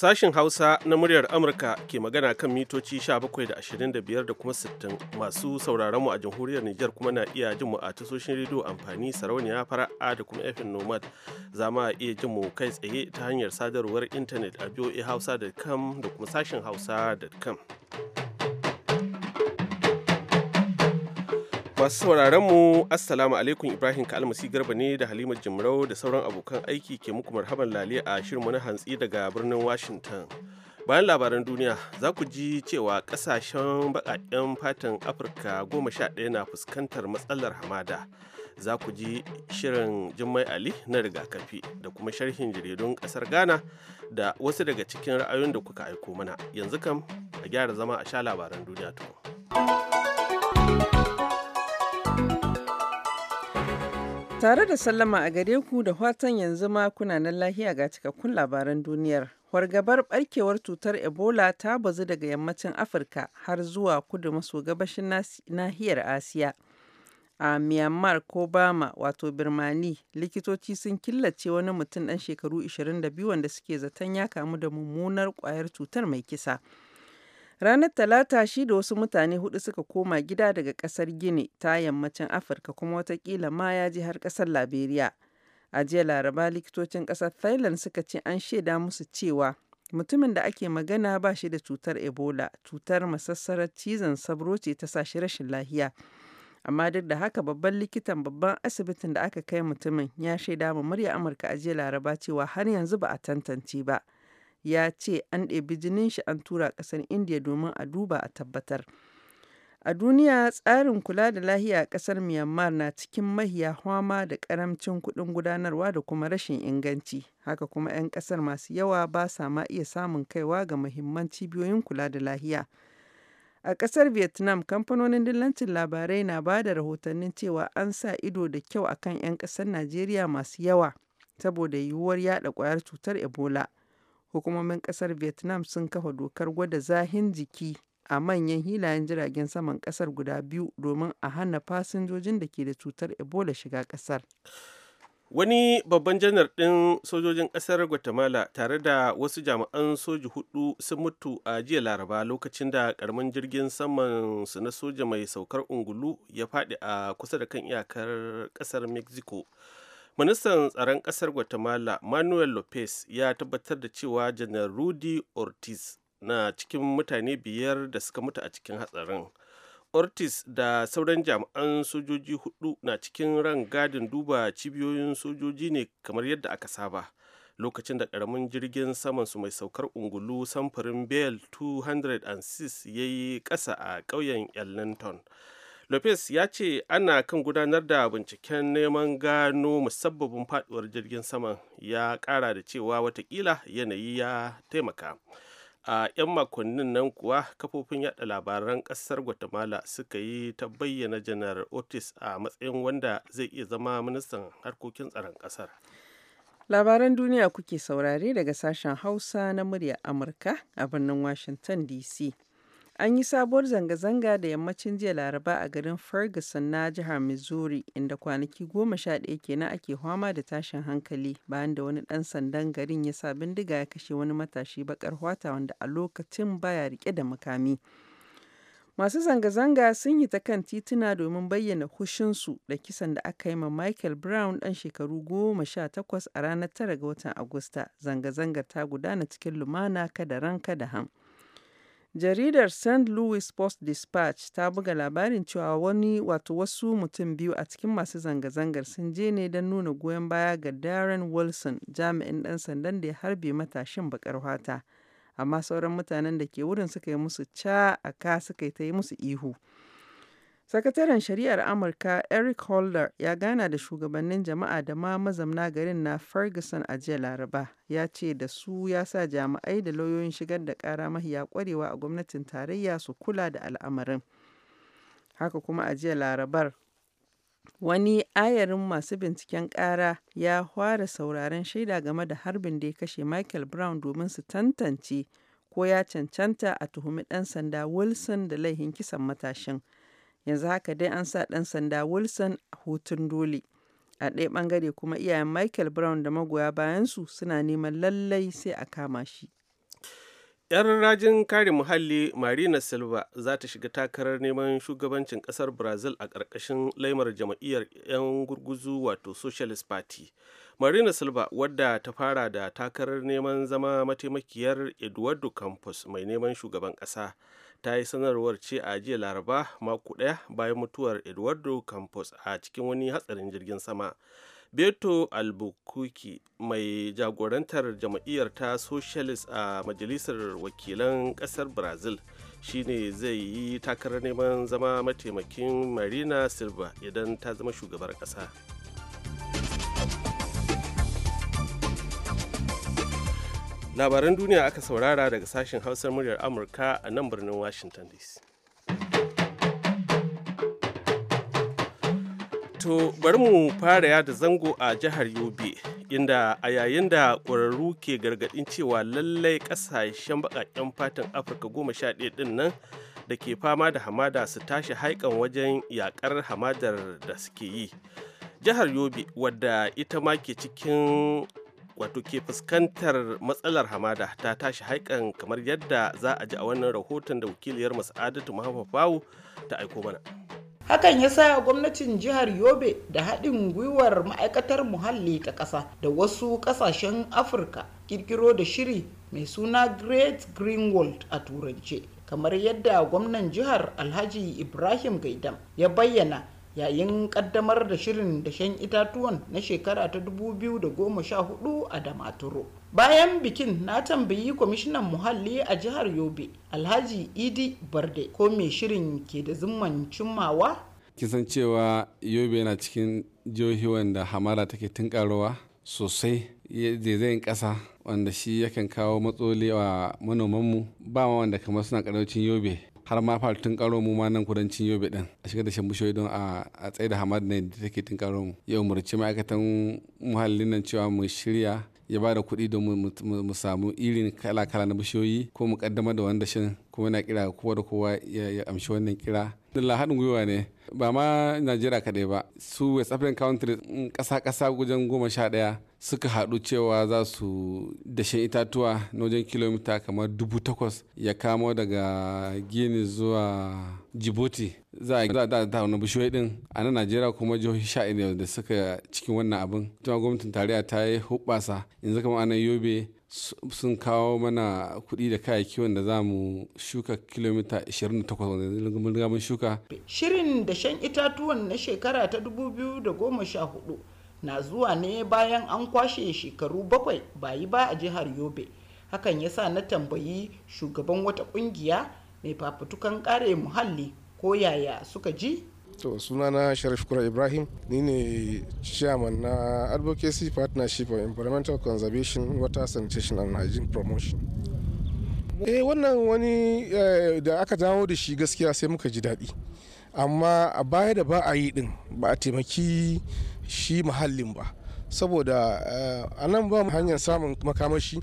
sashen Hausa na muryar Amurka ke magana kan mitoci 17.25 da da kuma 60 masu sauraron mu a jamhuriyar Nijar kuma na iya jin mu a tasoshin rediyo amfani sarauniya fara'a da kuma FM Nomad za ma iya jin mu kai tsaye ta hanyar sadarwar intanet a Hausa.com da kuma sashin hausa.com. Masu sauraron mu Assalamu alaikum Ibrahim Kalmasi Garba ne da Halima Jimrau da sauran abokan aiki ke muku marhaban lale a shirin na hantsi daga birnin Washington. Bayan labaran duniya za ku ji cewa kasashen bakaken fatan Afirka goma sha ɗaya na fuskantar matsalar hamada. Za ku ji shirin Jummai Ali na rigakafi da kuma sharhin jaridun ƙasar Ghana da wasu daga cikin ra'ayoyin da kuka aiko mana. Yanzu kam a gyara zama a sha labaran duniya to. Tare da sallama a gare ku da watan yanzu ma kuna nan lahiya ga cikakkun labaran duniyar. Wargabar barkewar cutar Ebola ta bazu daga yammacin Afirka har zuwa kudu maso gabashin nahiyar Asiya. A Myanmar ko Bama wato Birmani likitoci sun killace wani mutum ɗan shekaru 22 wanda suke zaton ya kamu da mummunar kwayar cutar mai kisa. Ranar Talata shi da wasu mutane hudu suka koma gida daga kasar Gini ta yammacin Afirka kuma watakila ma ya je har kasar Liberia. A jiya Laraba likitocin kasar Thailand suka ce an shaida musu cewa mutumin da ake magana ba shi da cutar Ebola, cutar masassarar cizon sabro ce ta sa rashin lahiya. Amma duk da haka babban likitan babban asibitin da aka kai mutumin ya shaida ma murya Amurka a jiya Laraba cewa har yanzu ba a tantance ba. ya ce an ɗebi jinin shi an tura ƙasar indiya domin a duba a tabbatar a duniya tsarin kula da lahiya a ƙasar myanmar na cikin mahiya hwama da ƙaramcin kuɗin gudanarwa da kuma rashin inganci haka kuma 'yan ƙasar masu yawa ba sa ma iya samun kaiwa ga muhimman cibiyoyin kula da lahiya a ƙasar vietnam kamfanonin dillancin labarai na ba da rahotannin cewa an sa ido da kyau akan 'yan ƙasar najeriya masu yawa saboda yiwuwar yaɗa ƙwayar cutar ebola hukumomin kasar vietnam sun kafa dokar gwada zahin jiki a manyan hilayen jiragen saman kasar guda biyu domin a hana fasinjojin da ke da cutar ebola shiga kasar wani babban janar ɗin sojojin ƙasar guatemala tare da wasu jami'an soji hudu sun mutu a jiya laraba lokacin da karamin jirgin saman su na soja mai saukar ungulu ya faɗi a kusa da kan iyakar ƙasar mexico ministan tsaron ƙasar guatemala manuel lopez ya tabbatar da cewa janar rudy ortiz na cikin mutane biyar da suka mutu a cikin hatsarin ortiz da sauran jami'an sojoji hudu na cikin ran gadin duba cibiyoyin sojoji ne kamar yadda aka saba lokacin da ƙaramin jirgin samansu mai saukar ungulu samfurin bell 206 ya yi ƙasa a ƙauyen ellington lopez ya ce ana kan gudanar da binciken neman gano musabbabin faduwar jirgin saman ya kara da cewa watakila yanayi ya taimaka a 'yan makonnin nan kuwa kafofin yada labaran kasar guatemala suka yi ta bayyana janar otis a matsayin wanda zai iya zama ministan harkokin tsaron kasar labaran duniya kuke saurare daga sashen hausa na murya amurka a birnin washington dc An yi sabuwar zanga-zanga da yammacin jiya Laraba a garin Ferguson na jihar Missouri, inda kwanaki goma sha ɗaya kenan ake fama da tashin hankali bayan da wani ɗan sandan garin ya sa bindiga ya kashe wani matashi baƙar hwata wanda a lokacin baya rike da makami. Masu zanga-zanga sun yi ta kan tituna domin bayyana hushinsu da kisan da aka yi ma Michael Brown ɗan shekaru goma sha takwas a ranar tara ga watan Agusta. Zanga-zangar ta gudana cikin lumana kada ran kada ham. Jaridar St. Louis Post-Dispatch ta buga labarin cewa wani wato wasu mutum biyu a cikin masu zanga-zangar sun je ne don nuna goyon baya ga Darren Wilson, jami'in ɗan sandan da ya harbe matashin baƙar fata. Amma sauran mutanen da ke wurin suka yi musu ca a ka suka ta yi musu ihu. Sakataren Shari'ar Amurka Eric Holder ya gana da shugabannin jama'a da ma mazamna garin na Ferguson a jiya Laraba, ya ce da su ya sa jami'ai da lauyoyin shigar da ƙara mahiya ƙwarewa a gwamnatin tarayya su kula da al'amarin. Haka kuma a jiya Larabar, wani ayarin masu binciken ƙara ya fara sauraren shaida game da harbin da ya kashe Michael Brown domin su tantance ko ya cancanta a tuhumi ɗan sanda Wilson da laihin kisan matashin. yanzu haka dai an sa ɗan sanda wilson a hutun dole a ɗaya ɓangare kuma iyayen michael brown da magoya bayansu suna neman lallai sai a kama shi yar rajin kare muhalli marina silva za ta shiga takarar neman shugabancin kasar brazil a ƙarƙashin laimar jam'iyyar 'yan gurguzu wato socialist party marina silva wadda ta fara da takarar neman zama mataimakiyar eduardo campos mai neman shugaban ƙasa ta yi sanarwar ce a jiya laraba mako daya bayan mutuwar eduardo campos a cikin wani hatsarin jirgin sama beto albuquerque mai jagorantar jam'iyyar ta socialist a majalisar wakilan kasar brazil shine zai yi takarar neman zama mataimakin marina silva idan ta zama shugabar kasa labaran duniya aka saurara daga sashen hausar muryar amurka a nan birnin washington dc to bari mu fara yada zango a jihar yobe inda a yayin da ƙwararru ke gargaɗin cewa lallai ƙasashen baƙaƙen fatan afirka goma sha ɗaya ɗin nan da ke fama da hamada su tashi haikan wajen yaƙar hamadar da suke yi jihar yobe wadda ita ma ke cikin wato ke fuskantar matsalar hamada ta tashi haikan kamar yadda za a ji a wannan rahoton da wakiliyar mas'adatu muhammad fawu ta aiko mana hakan ya sa gwamnatin jihar yobe da haɗin gwiwar ma'aikatar muhalli ta ƙasa da wasu ƙasashen afirka kirkiro da shiri mai suna great green world a turance kamar yadda gwamnan jihar alhaji ibrahim gaidam ya bayyana yayin kaddamar da shirin dashen itatuwan na shekara ta 2014 a damaturu bayan bikin na tambayi kwamishinan muhalli a jihar yobe alhaji idi barde ko mai shirin ke da zumman cimmawa kisan cewa yobe yana cikin jihohi wanda hamara take tunkarowa sosai zaizayen kasa wanda shi yakan kawo matsoli wa manomanmu ba wanda kamar suna ƙarancin yobe har ma fara tun karo mu ma nan kudancin yobe din a shiga da shambu don a tsaye da hamad ne da take tun karo mu ya umarci ma'aikatan muhallin nan cewa mu shirya ya ba da kuɗi don mu samu irin kala-kala na bishiyoyi ko mu kaddama da wani shin kuma na kira kowa da kowa ya amshi wannan kira. Allah haɗin gwiwa ne ba ma najeriya kaɗai ba su west african countries ƙasa-ƙasa wajen goma sha ɗaya suka haɗu cewa za su dashen itatuwa na wajen kilomita kamar dubu takwas ya kamo daga gini zuwa djibouti za a da ta wani bishiyoyi din a nan najeriya kuma jihohi sha da suka cikin wannan abin ita gwamnatin tarayya ta yi hubbasa yanzu kamar anan yobe sun kawo mana kuɗi da kayayyaki wanda za mu shuka kilomita 28 wanda mun mun shuka. Shirin da shan itatuwan na shekara ta 2014 na zuwa ne bayan an kwashe shekaru bakwai bayi ba a jihar Yobe. Hakan ya sa na tambayi shugaban wata ƙungiya mai fafutukan kare muhalli ko yaya suka ji To na Sharif Kura Ibrahim ni ne chairman na Advocacy Partnership of Environmental Conservation Water Sanitation and Hygiene Promotion. Eh wannan wani eh, da aka dawo da shi gaskiya sai muka ji daɗi. Amma a baya da ba a yi ɗin ba a taimaki shi muhallin ba. Saboda eh, a nan ba mu hanyar samun makamashi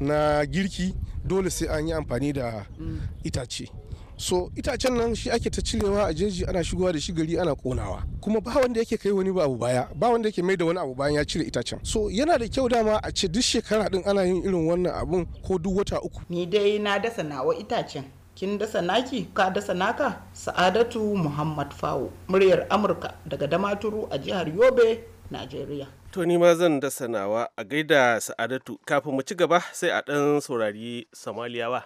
na girki dole sai an yi amfani da mm. itace. so itacen nan shi ake ta cirewa a jeji ana shigowa da shi gari ana konawa kuma ba wanda yake kai wani abu baya ba wanda yake mai da wani abu bayan ya cire itacen so yana da kyau dama a ce duk shekara din ana yin irin wannan abun ko duk wata uku ni dai na dasa nawa itacen kin dasa naki ka dasa naka sa'adatu muhammad fawo muryar amurka daga damaturu a jihar yobe najeriya to ni ma zan dasa nawa a gaida sa'adatu kafin mu ci gaba sai a ɗan saurari somaliyawa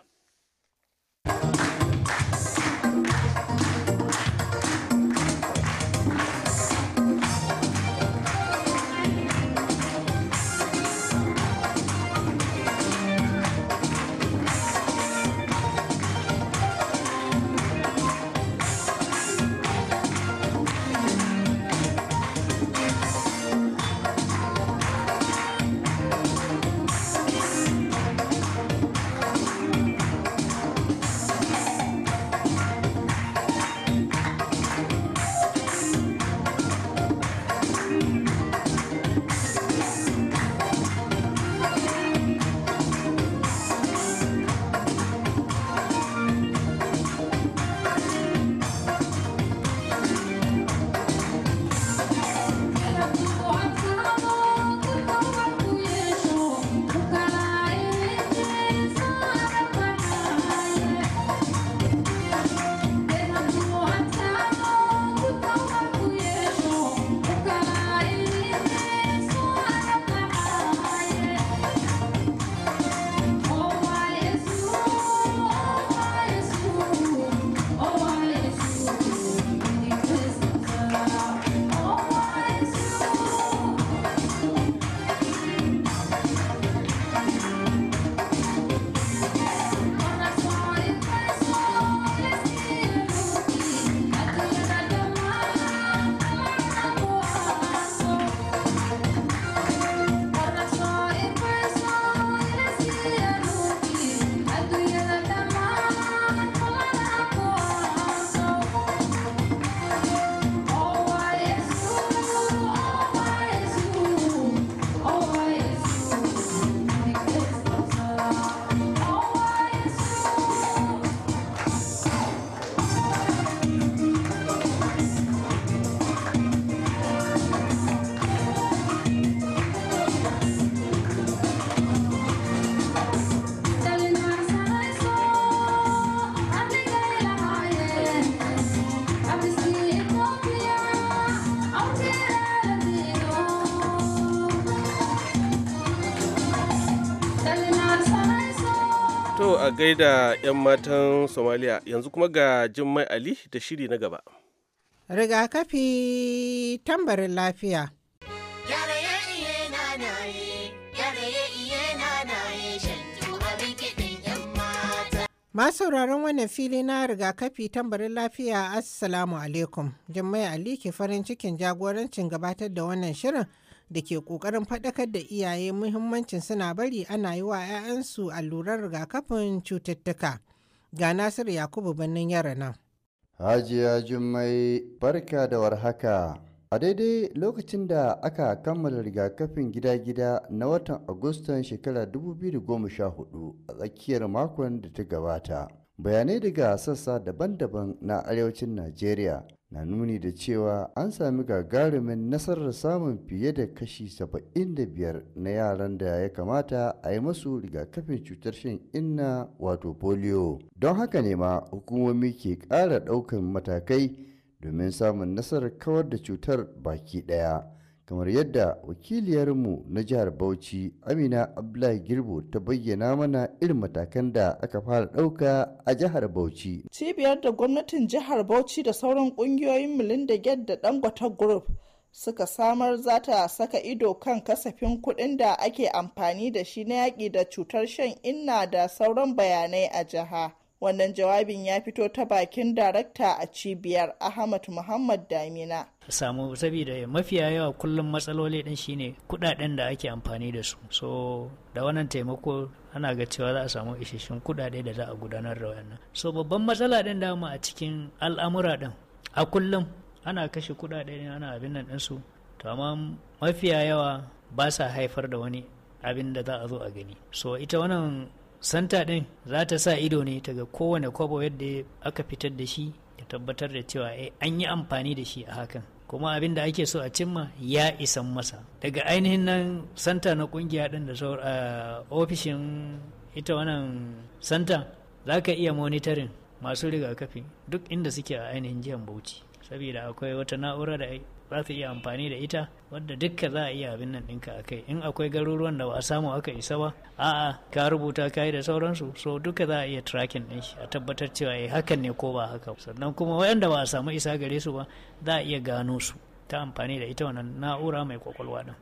da 'yan matan Somalia yanzu kuma ga Jummai Ali da shiri na gaba. Rigakafi tambarin lafiya. sauraron wannan fili na rigakafi tambarin lafiya assalamu alaikum jummai ali ke farin cikin jagorancin gabatar da wannan shirin da ke ƙoƙarin faɗakar da iyaye muhimmancin suna bari ana yi wa 'ya'yansu allurar rigakafin cututtuka. Ga Nasir Yakubu birnin yara nan. Hajiya Jummai barka da warhaka. A daidai lokacin da aka kammala rigakafin gida-gida na watan Agustan shekarar 2014 a tsakiyar makon da ta gabata. bayanai daga sassa daban-daban na arewacin najeriya na nuni da cewa an sami gagarumin nasarar samun fiye da kashi 75 na yaran da ya kamata a yi masu rigakafin cutar shan inna wato polio don haka ne ma hukumomi ke ƙara ɗaukan matakai domin samun nasarar kawar da cutar baki ɗaya kamar yadda wakiliyarmu na jihar bauchi amina abdullahi girbo ta bayyana mana irin matakan da aka fara ɗauka a jihar bauchi cibiyar da gwamnatin jihar bauchi da sauran ƙungiyoyin milinda gate da dangote group suka samar za ta saka ido kan kasafin kuɗin da ake amfani da shi na yaki da cutar shan inna da sauran bayanai a jiha wannan jawabin ya fito ta bakin darakta a cibiyar ahmad muhammad damina samu saboda mafiya yawa kullum matsaloli din shine kudaden da ake amfani da su so da wannan taimako ana ga cewa za a samu isasshen kudade da za a gudanar da wannan so babban matsala din da a cikin al'amura din a kullum ana kashe kudade ne ana abin nan su to amma mafiya yawa ba sa haifar da wani abin da za a zo a gani so ita wannan santa ɗin za ta sa ido ne ta ga kowane kwabo yadda aka fitar da shi ya tabbatar da cewa eh, an yi amfani da shi a hakan kuma abin da ake so a cimma ya isan masa daga ainihin nan santa na kungiya din da saur a ofishin ita wannan santa za ka iya monitorin masu rigakafi duk inda suke a ainihin jihar bauchi saboda akwai wata na'ura da za su iya amfani da ita wadda dukka za a iya abin nan ɗinka a kai in akwai garuruwan da ba a samu aka isa ba a'a ka rubuta ka yi da sauransu so duka za a iya tracking ɗin shi a tabbatar cewa ya eh, hakan ne ko ba haka sannan kuma wayanda ba a samu isa gare su ba za a iya gano su ta amfani da ita wannan na'ura mai kwakwalwa ɗin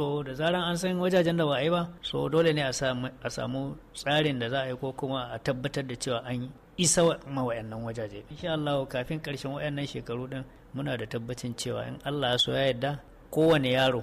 so da zaran an san wajajen da ba yi ba so dole ne a samu tsarin da za a yi ko kuma a tabbatar da cewa an isa ma wayannan wajaje insha Allah kafin karshen wayannan shekaru din muna da tabbacin cewa in Allah ya so ya yarda kowane yaro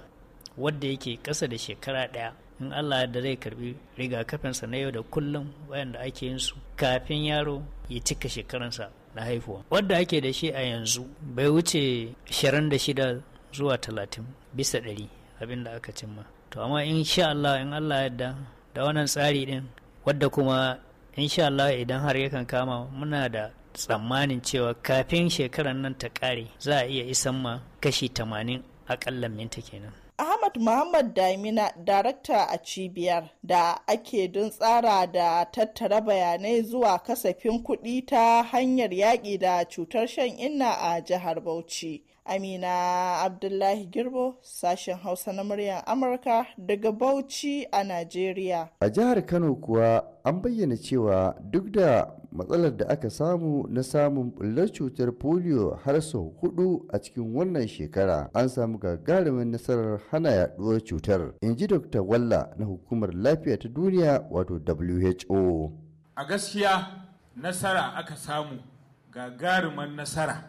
wanda yake kasa da shekara daya in Allah da zai karbi rigakafinsa na yau da kullum wayanda ake yin su kafin yaro ya cika shekaransa na haihuwa wadda ake da shi a yanzu bai wuce 26 zuwa 30 bisa ɗari abin da aka cimma to amma insha Allah in Allah yadda da wannan tsari din wadda kuma insha Allah idan har yakan kama muna da tsammanin cewa kafin shekarar nan ta kare za a iya isan ma kashi 80 aƙalla minta kenan Ahmad Muhammad Damina, darakta a cibiyar da ake dun tsara da tattara bayanai zuwa kasafin kuɗi ta hanyar yaƙi da cutar shan inna a jihar Bauchi. Amina Abdullahi Girbo, sashen Hausa na muryar Amurka daga Bauchi a Najeriya. A jihar Kano kuwa an bayyana cewa duk da matsalar da aka samu na samun bullar cutar polio har sau hudu a cikin wannan shekara an samu gagarumin nasarar hana yaduwar cutar. In ji Dr. Walla na Hukumar Lafiya ta Duniya wato WHO. A gaskiya nasara aka samu gagarumin nasara.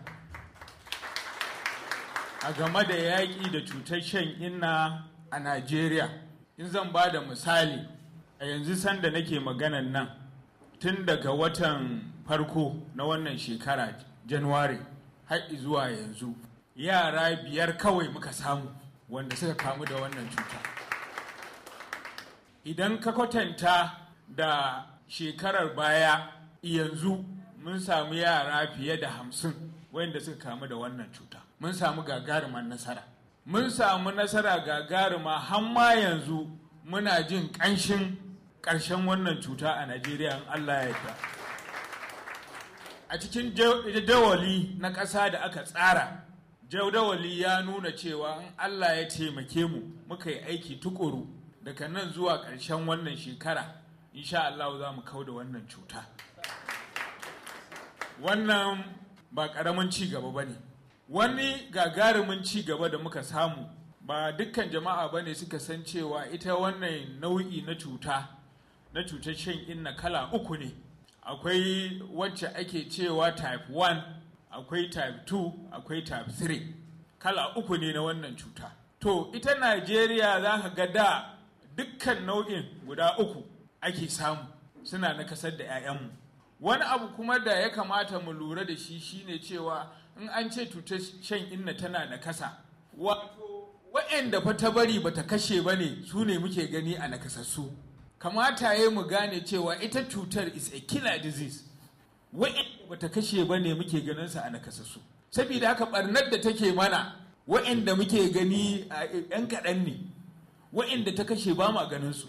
a game da yaƙi da cutar shan inna a Najeriya. In zan ba da misali, a yanzu sanda nake maganan nan tun daga watan farko na wannan shekara Januwari har zuwa yanzu yara biyar kawai muka samu wanda suka kamu da wannan cuta. Idan ka kwatanta da shekarar baya yanzu mun samu yara fiye da hamsin wanda suka kamu da wannan cuta. mun samu gagarumar nasara mun samu nasara gagaruma har ma yanzu muna jin ƙanshin ƙarshen wannan cuta a najeriya in allah ya yarda a cikin jadawali na ƙasa da aka tsara jadawali ya nuna cewa in allah ya taimake mu muka yi aiki tukuru daga nan zuwa ƙarshen wannan shekara insha allah za mu kau da wannan cuta wannan ba ƙaramin ci gaba ba ne wani gagarumin ci gaba da muka samu ba dukkan jama'a ba ne suka san cewa ita wannan nau'i na cuta na cutar shan inna kala uku ne akwai wacce ake cewa type 1 akwai type 2 akwai type 3 kala uku ne na wannan cuta to ita najeriya za ka ga da dukkan nau'in guda uku ake samu suna na kasar da 'ya'yanmu wani abu kuma da ya kamata mu lura da shi shine cewa in an ce cutar shan inna tana nakasa wato wa'anda fa ta bari bata kashe ba ne su ne muke gani a nakasassu kamata ya mu gane cewa ita cutar is a killer disease wa'anda ta kashe ba ne muke ganin a nakasassu saboda haka barnar da take mana wa'anda muke gani a yan kaɗan ne wa'anda ta kashe ba ma ganin su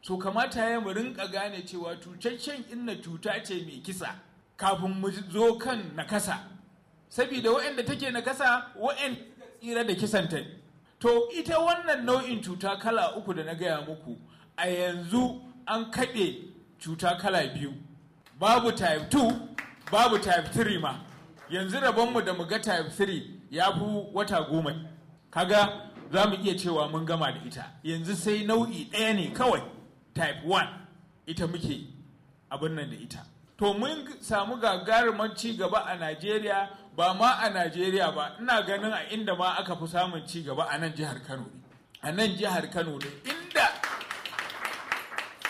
so kamata ya mu rinka gane cewa cutar shan inna cuta ce mai kisa kafin mu zo kan nakasa saboda waɗanda take kasa, waɗanda tsira da kisanta to ita wannan nau'in cuta kala uku da na gaya muku a yanzu an kaɗe cuta kala biyu babu type 2 babu type 3 ma yanzu rabonmu da mu ga type 3 ya fi wata goma kaga za mu iya cewa mun gama da ita yanzu sai nau'i ɗaya ne kawai type 1 ita muke abin nan da ita to mun samu gagarumar ci gaba a najeriya ba ma a najeriya ba ina ganin a inda ma aka fi samun ci gaba a nan jihar kano ne a nan jihar kano ne inda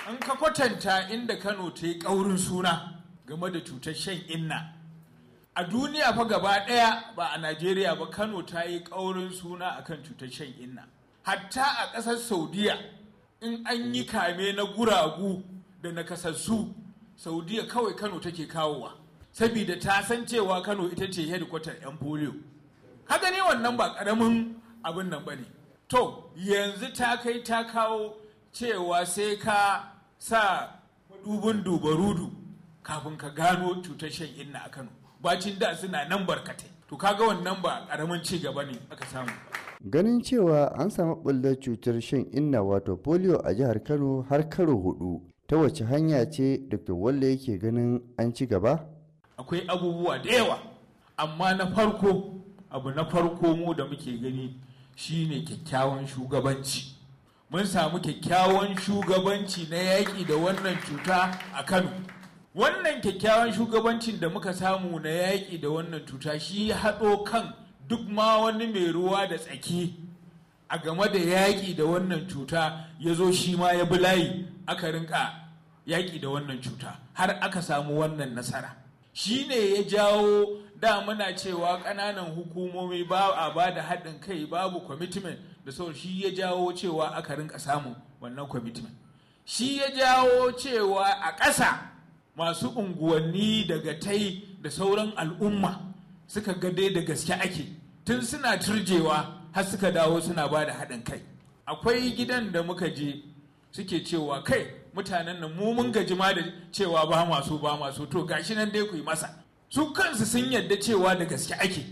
an ka kwatanta inda kano ta yi ƙaurin suna game da cutar shan inna a duniya fa gaba ɗaya ba a najeriya ba kano ta yi ƙaurin suna akan cutar shan inna hatta a ƙasar saudiya in an yi kame na guragu da na nakasassu saudiya kawai kano take kawowa saboda ta san cewa kano ita ce hedikwatar 'yan polio ka gani wannan ba karamin abin nan ba ne to yanzu ta kai ta kawo cewa sai ka sa dubun dubarudu kafin ka gano cutar shan inna a kano bacin da suna nan barkatai to kaga wannan ba karamin ci gaba ne aka samu ganin cewa an samu bullar cutar shan inna wato polio a jihar kano har karo hudu ta wace hanya ce dr walle yake ganin an ci gaba akwai abubuwa da yawa amma na farko abu na farko mu da muke gani shine kyakkyawan shugabanci mun samu kyakkyawan shugabanci na yaƙi da wannan cuta a kano wannan kyakkyawan shugabancin da muka samu na yaƙi da wannan cuta shi haɗo kan duk ma wani mai ruwa da tsaki a game da yaƙi da wannan cuta ya zo shi ma ya bi layi aka rinka yaƙi da wannan cuta har aka samu wannan nasara shi ne ya jawo da muna cewa ƙananan hukumomi ba a ba da haɗin kai babu commitment da sau shi ya jawo cewa aka rinka samu wannan commitment shi ya jawo cewa a ƙasa masu unguwanni daga tai da sauran al'umma suka gade da gaske ake tun suna turjewa har suka dawo suna ba da haɗin kai akwai gidan da muka je suke cewa kai mutanen nan mu mun gaji ma da cewa ba masu ba masu to gashi nan dai ku yi masa su kansu sun yadda cewa da gaske ake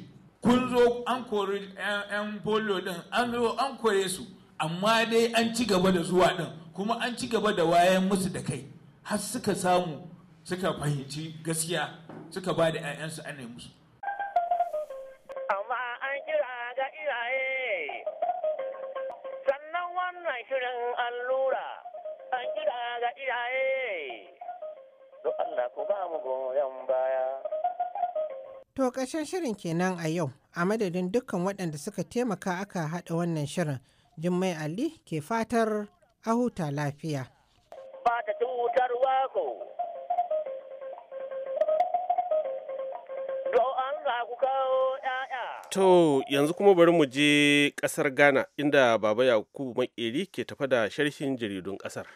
kun zo an kori yan polio din an zo an kore su amma dai an ci gaba da zuwa din kuma an ci gaba da wayan musu da kai har suka samu suka fahimci gaskiya suka ba da 'ya'yansu ana musu sannan wannan shirin allura an kira ga iyaye Allah ku ba mu goyon baya. To ƙarshen shirin kenan a yau a madadin dukkan waɗanda suka taimaka aka haɗa wannan shirin Jummai Ali ke fatar a huta lafiya. To yanzu kuma bari mu je ƙasar Ghana inda Baba Yakubu Makeri ke tafa da sharhin jaridun ƙasar.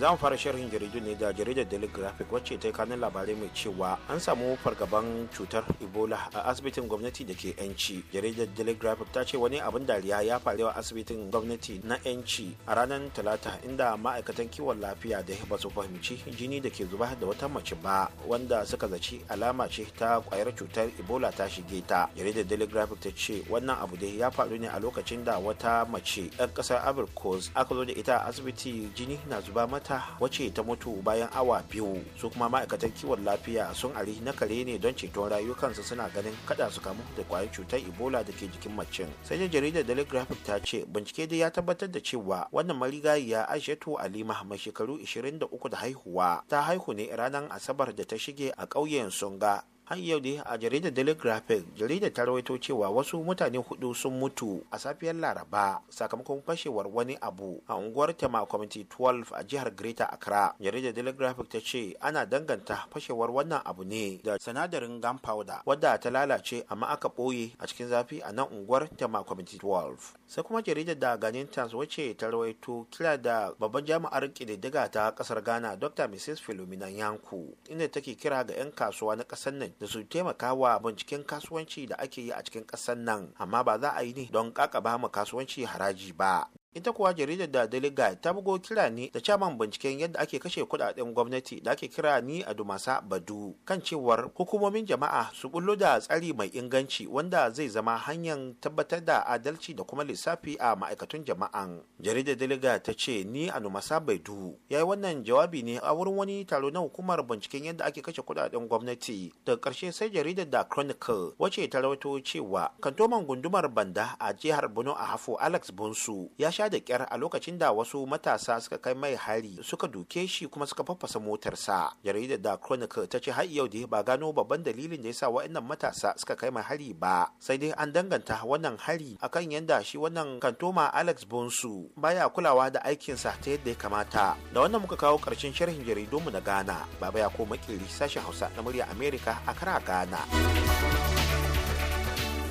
za mu fara sharhin jaridu ne da jaridar daily graphic wacce ta yi kanun labarai mai cewa an samu fargaban cutar ebola a asibitin gwamnati da ke yanci jaridar daily graphic ta ce wani abin dariya ya faru a asibitin gwamnati na yanci a ranar talata inda ma'aikatan kiwon lafiya da ba su fahimci jini da ke zuba da wata mace ba wanda suka zaci alama ce ta kwayar cutar ebola ta shige ta jaridar daily graphic ta ce wannan abu dai ya faru ne a lokacin da wata mace 'yan kasar abirkos aka da ita a asibiti jini na zuba mata mata wace ta mutu bayan awa biyu su kuma ma'aikatan kiwon lafiya sun ari na kare ne don ceton rayukansu suna ganin kada su kamu da kwayar cutar ebola da ke jikin macen sai da jaridar daily graphic ta ce bincike dai ya tabbatar da cewa wannan marigayiya aishatu alima mai shekaru 23 da haihuwa ta haihu ne ranar asabar da ta shige a ƙauyen sunga har yau dai a jaridar daily graphic jaridar ta rawaito cewa wasu mutane hudu sun mutu a safiyar laraba sakamakon fashewar wani abu a unguwar tema community 12 a jihar greater accra jaridar daily graphic ta ce ana danganta fashewar wannan abu ne da sinadarin gunpowder wadda ta lalace amma aka ɓoye a cikin zafi a nan unguwar tema community 12 sai kuma jaridar da ganin tans wacce ta rawaito kira da babban jami'ar kididdiga ta kasar ghana dr mrs philomena yanku inda take kira ga 'yan kasuwa na kasar nan da su taimaka wa binciken kasuwanci da ake yi a cikin ƙasar nan amma ba za a yi ne don kakaba ma kasuwanci haraji ba ita kuwa jaridar da daily ta bugo kira ne da caman binciken yadda ake kashe kudaden gwamnati da ake kira ni a dumasa badu kan cewar hukumomin jama'a su bullo da tsari mai inganci wanda zai zama hanyar tabbatar da adalci da kuma lissafi a ma'aikatun jama'an jaridar daily ta ce ni a dumasa badu yayi wannan jawabi ne a wurin wani taro na hukumar binciken yadda ake kashe kudaden gwamnati da karshe sai jaridar da chronicle wacce ta rawaito cewa kantoman gundumar banda a jihar borno a hafo alex bonsu ya sha sha da kyar a lokacin da wasu matasa suka kai mai hari suka duke shi kuma suka faffasa motarsa jaridar da chronicle ta ce har yau dai ba gano babban dalilin da yasa wa'annan matasa suka kai mai hari ba sai dai an danganta wannan hari akan yadda shi wannan kantoma alex bonsu baya kulawa da aikinsa ta yadda ya kamata da wannan muka kawo karshen sharhin jaridunmu na ghana baba ya ko makiri sashen hausa na murya america a kara ghana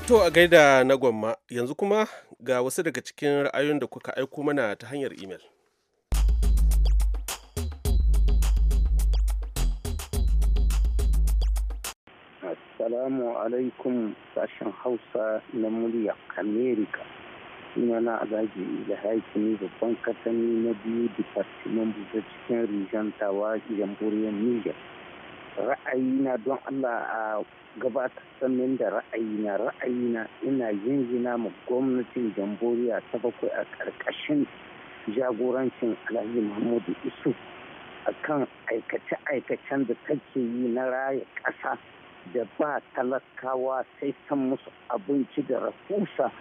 To a gaida na gwamma yanzu kuma ga wasu daga cikin ra'ayoyin da kuka aiko mana ta hanyar imel. Assalamu alaikum sashen Hausa na murya Amerika. Sunana Alhaji Ilhaji ne babban katani na biyu Departimen buga cikin Rijan wa Jamhuriyar Niger. ra'ayina don Allah a gabatar sannan da ra'ayina ra'ayina ina jinjina ma gwamnatin jamboriya ta bakwai a ƙarƙashin jagorancin alhaji muhammadu isu a kan aikace-aikacen da take yi na raya ƙasa da ba talakawa sai san musu abinci da rahusa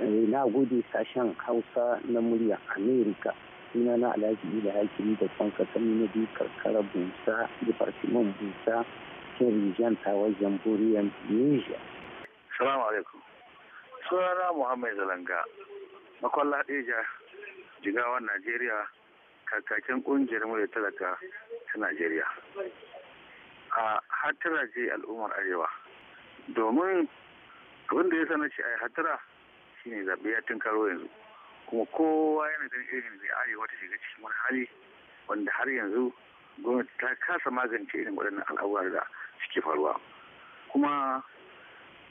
eh, na gode sashen hausa na murya amerika suna na alhaji ila hakimi da kwan kasami na biyu karkara busa departimen busa ke rijiyar wajen jamhuriyar tunisia salamu alaikum sunana muhammad zalanga makwalla ɗeja jigawan najeriya kakakin ƙungiyar mai talaka ta najeriya a hatara je al'ummar arewa domin abin da ya shi a hatara shine zaɓe ya tunkaro yanzu kuma kowa yana ganin irin da arewa ta shiga cikin wani hali wanda har yanzu gwamnati ta kasa magance irin waɗannan al'amura da suke faruwa kuma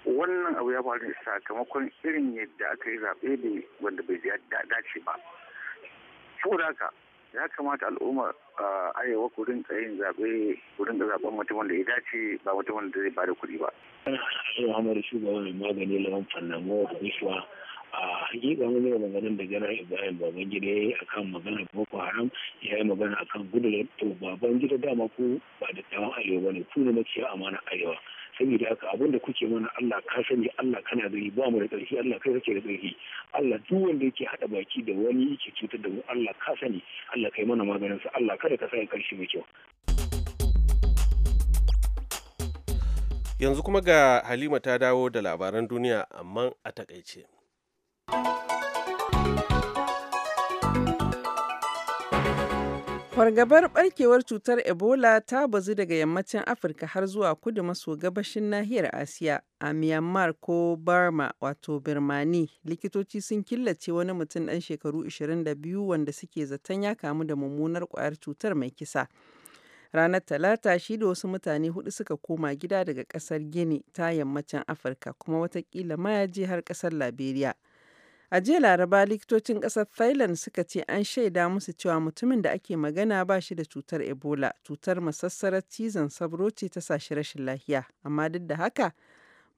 wannan abu ya faru ne sakamakon irin yadda aka yi zaɓe ne wanda bai dace ba saboda haka ya kamata al'ummar arewa ku rinka yin zaɓe ku rinka zaɓen mutum wanda ya dace ba mutum wanda zai bada kuɗi ba. Muhammadu Shugaba mai magani lawan fannin mawa da a hakika wani ne maganin da jana ibrahim baban gida ya yi a kan magana boko haram ya yi magana a akan gudunar to baban gida dama ku ba da tsawon arewa ba ne tuni makiya amana arewa saboda haka abin da kuke mana Allah ka sani Allah kana zai ba mu da ƙarfi Allah kai kake da ƙarfi Allah duk wanda yake haɗa baki da wani yake cutar da mu Allah ka sani Allah kai mana maganin sa Allah kada ka sa ƙarshe mai kyau yanzu kuma ga Halima ta dawo da labaran duniya amma a takaice Fargabar barkewar cutar Ebola ta bazu daga yammacin Afirka har zuwa kudu maso gabashin nahiyar Asiya a Myanmar ko Burma wato Birmani. Likitoci sun killace wani mutum ɗan shekaru 22 wanda suke zaton ya kamu da mummunar ƙwayar cutar mai kisa. Ranar Talata shi da wasu mutane hudu suka koma gida daga ƙasar Gini ta yammacin Afirka kuma watakila ma ya je har ƙasar Liberia. A jiya Laraba, likitocin ƙasar Thailand suka ce an shaida musu cewa mutumin da ake magana ba shi da cutar Ebola, cutar masassarar cizon sabro ce ta sashi rashin lafiya. Amma duk da haka,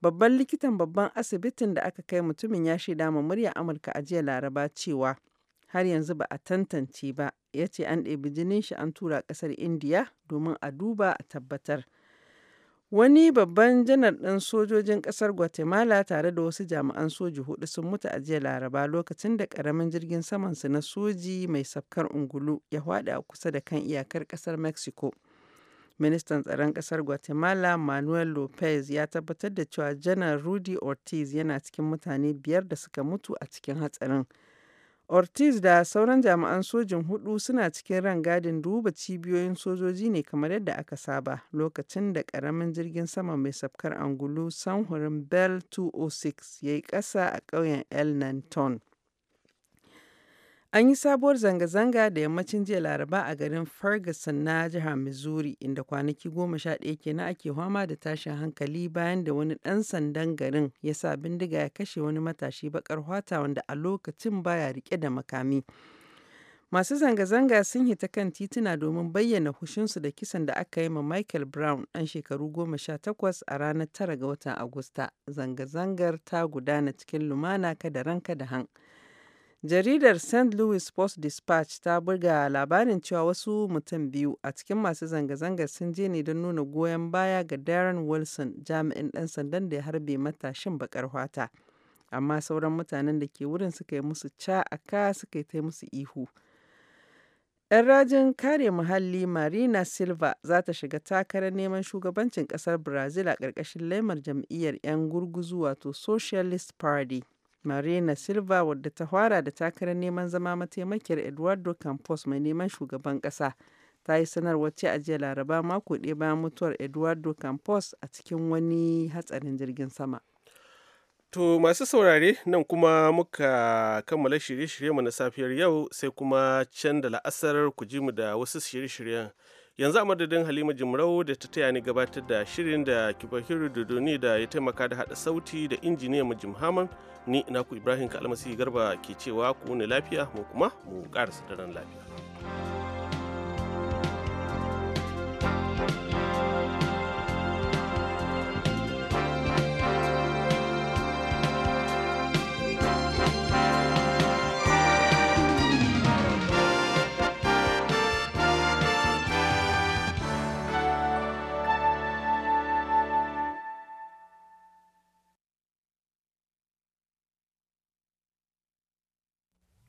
babban likitan babban asibitin da aka kai mutumin ya shaida ma murya Amurka a jiya Laraba cewa har yanzu ba a tantance ba, ya ce an ɗebi jinin shi an tura ƙasar Indiya domin a duba a tabbatar. Wani babban janar ɗin sojojin ƙasar Guatemala tare da wasu jami'an soji hudu sun mutu a jiya Laraba lokacin da ƙaramin jirgin samansu na soji mai safkar ungulu ya faɗi a kusa da kan iyakar ƙasar Mexico. Ministan tsaron ƙasar Guatemala Manuel Lopez ya tabbatar da cewa Janar Rudy Ortiz yana cikin mutane biyar da suka mutu a cikin hatsarin. Ortiz da sauran jami'an sojin hudu suna cikin rangadin duba cibiyoyin sojoji ne kamar yadda aka saba, lokacin da karamin jirgin sama mai safkar angulu sanhurin Bell 206 ya yi ƙasa a ƙauyen El Nanton. An yi sabuwar zanga-zanga da yammacin jiya Laraba a garin Ferguson na jihar Missouri, inda kwanaki goma sha ɗaya kenan ake fama da tashin hankali bayan da wani ɗan sandan garin ya sa bindiga ya kashe wani matashi baƙar hwata wanda a lokacin baya riƙe da makami. Masu zanga-zanga sun hita kan tituna domin bayyana hushinsu da kisan da aka yi ma Michael Brown ɗan shekaru goma sha takwas a ranar tara ga watan Agusta. Zanga-zangar ta gudana cikin lumana kada ranka da han. Jaridar St. Louis Post-Dispatch ta buga labarin cewa wasu mutum biyu a cikin masu zanga zanga sun je ne don nuna goyon baya ga Darren Wilson, jami'in ɗan sandan da ya harbe matashin bakarwata fata. Amma sauran mutanen da ke wurin suka yi musu ca a ka suka yi ta musu ihu. 'Yan rajin kare muhalli Marina Silva za ta shiga takarar neman shugabancin ƙasar Brazil a ƙarƙashin laimar jam'iyyar 'yan gurguzu wato Socialist Party. Marina Silva wadda ta hwara da takarar neman zama mataimakiyar Eduardo Campos mai neman shugaban ƙasa, ta yi sanarwar ce a jiya Laraba mako ɗaya bayan mutuwar Eduardo Campos a cikin wani hatsarin jirgin sama. To masu saurare nan kuma muka kammala shirye-shiryenmu na safiyar yau sai kuma can da la'asar ku ji mu da wasu shirye-shiryen. yanzu a madadin halima jimrau da ta taya ni gabatar da shirin da kibahiru dodoni da ya taimaka da hada sauti da injiniya mu jimhaman ni naku ibrahim kalmasi garba ke cewa ku ne lafiya mu kuma mu karasa daren lafiya